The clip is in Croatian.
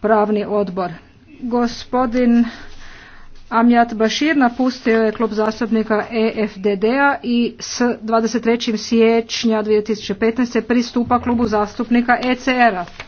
pravni odbor. Gospodin Amjat Bašir napustio je klub zastupnika EFDD-a i s 23. siječnja 2015. pristupa klubu zastupnika ECR-a.